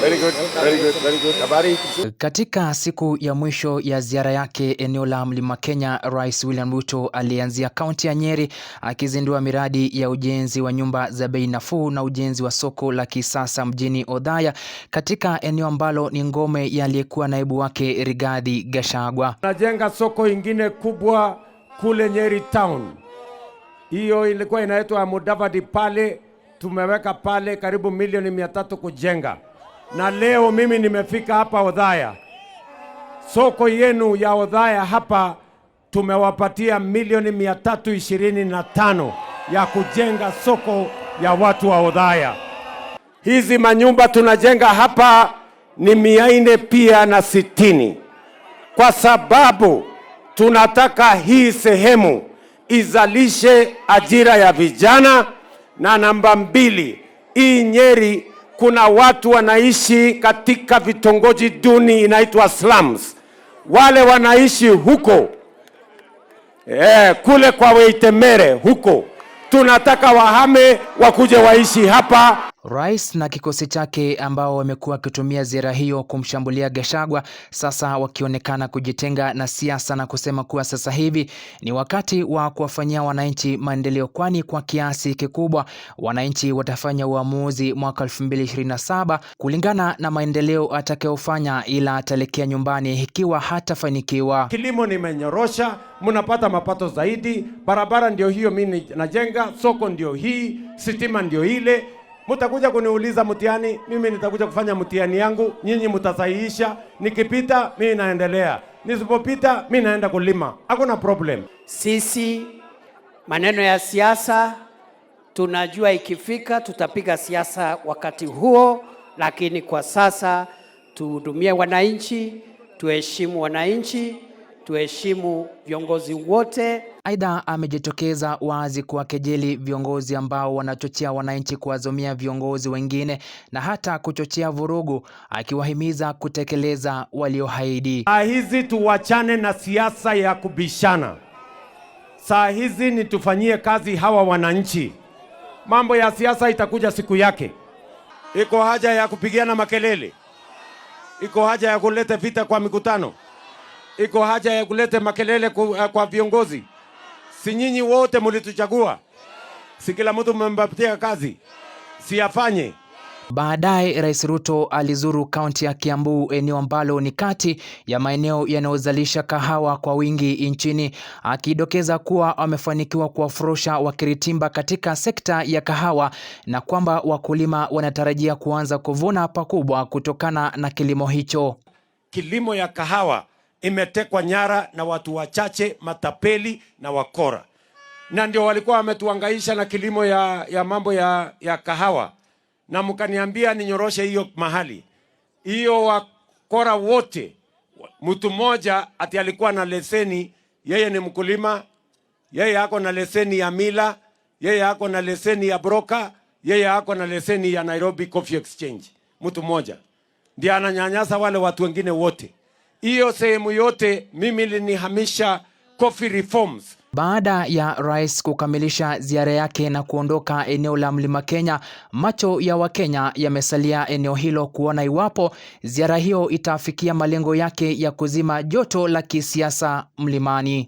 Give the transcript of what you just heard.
Very good, very good, very good. Habari. Katika siku ya mwisho ya ziara yake eneo la Mlima Kenya, Rais William Ruto alianzia kaunti ya Nyeri akizindua miradi ya ujenzi wa nyumba za bei nafuu na ujenzi wa soko la kisasa mjini Odhaya katika eneo ambalo ni ngome ya aliyekuwa naibu wake Rigathi Gachagua. Anajenga soko ingine kubwa kule Nyeri town. Hiyo ilikuwa inaitwa Mudavadi pale tumeweka pale karibu milioni mia tatu kujenga na leo mimi nimefika hapa Odhaya, soko yenu ya Odhaya hapa tumewapatia milioni mia tatu ishirini na tano ya kujenga soko ya watu wa Odhaya. Hizi manyumba tunajenga hapa ni mia nne pia na sitini kwa sababu tunataka hii sehemu izalishe ajira ya vijana, na namba mbili, hii Nyeri kuna watu wanaishi katika vitongoji duni inaitwa slums. Wale wanaishi huko eh, kule kwa Weitemere huko, tunataka wahame wakuje waishi hapa. Rais na kikosi chake ambao wamekuwa wakitumia ziara hiyo kumshambulia Gachagua sasa wakionekana kujitenga na siasa na kusema kuwa sasa hivi ni wakati wa kuwafanyia wananchi maendeleo, kwani kwa kiasi kikubwa wananchi watafanya uamuzi mwaka 2027 kulingana na maendeleo atakayofanya, ila ataelekea nyumbani ikiwa hatafanikiwa. Kilimo nimenyorosha, mnapata mapato zaidi. Barabara ndio hiyo mimi najenga, soko ndio hii sitima ndio ile. Mtakuja kuniuliza mtihani, mimi nitakuja kufanya mtihani yangu, nyinyi mtasahihisha. Nikipita mimi naendelea, nisipopita mimi naenda kulima, hakuna problem. Sisi maneno ya siasa tunajua, ikifika tutapiga siasa wakati huo, lakini kwa sasa tuhudumie wananchi, tuheshimu wananchi tuheshimu viongozi wote. Aidha, amejitokeza wazi kuwakejeli viongozi ambao wanachochea wananchi kuwazomia viongozi wengine na hata kuchochea vurugu, akiwahimiza kutekeleza walioahidi. Saa hizi tuwachane na siasa ya kubishana, saa hizi ni tufanyie kazi hawa wananchi. Mambo ya siasa itakuja siku yake. Iko haja ya kupigana makelele, iko haja ya kuleta vita kwa mikutano iko haja ya kuleta makelele eh, kwa viongozi. Si nyinyi wote mulituchagua? Si kila mtu mmempatia kazi, si afanye? Baadaye Rais Ruto alizuru kaunti ya Kiambu, eneo ambalo ni kati ya maeneo yanayozalisha kahawa kwa wingi nchini, akidokeza kuwa wamefanikiwa kuwafurusha wakiritimba katika sekta ya kahawa na kwamba wakulima wanatarajia kuanza kuvuna pakubwa kutokana na kilimo hicho. Kilimo ya kahawa imetekwa nyara na watu wachache, matapeli na wakora, na ndio walikuwa wametuangaisha na kilimo ya, ya mambo ya, ya kahawa, na mkaniambia ninyoroshe hiyo mahali hiyo. Wakora wote, mtu mmoja ati alikuwa na leseni, yeye ni mkulima, yeye ako na leseni ya mila, yeye ako na leseni ya broka, yeye ako na leseni ya Nairobi Coffee Exchange. Mtu mmoja ndiye ananyanyasa wale watu wengine wote hiyo sehemu yote mimi linihamisha coffee reforms. Baada ya rais kukamilisha ziara yake na kuondoka eneo la Mlima Kenya, macho ya Wakenya yamesalia eneo hilo kuona iwapo ziara hiyo itafikia malengo yake ya kuzima joto la kisiasa mlimani.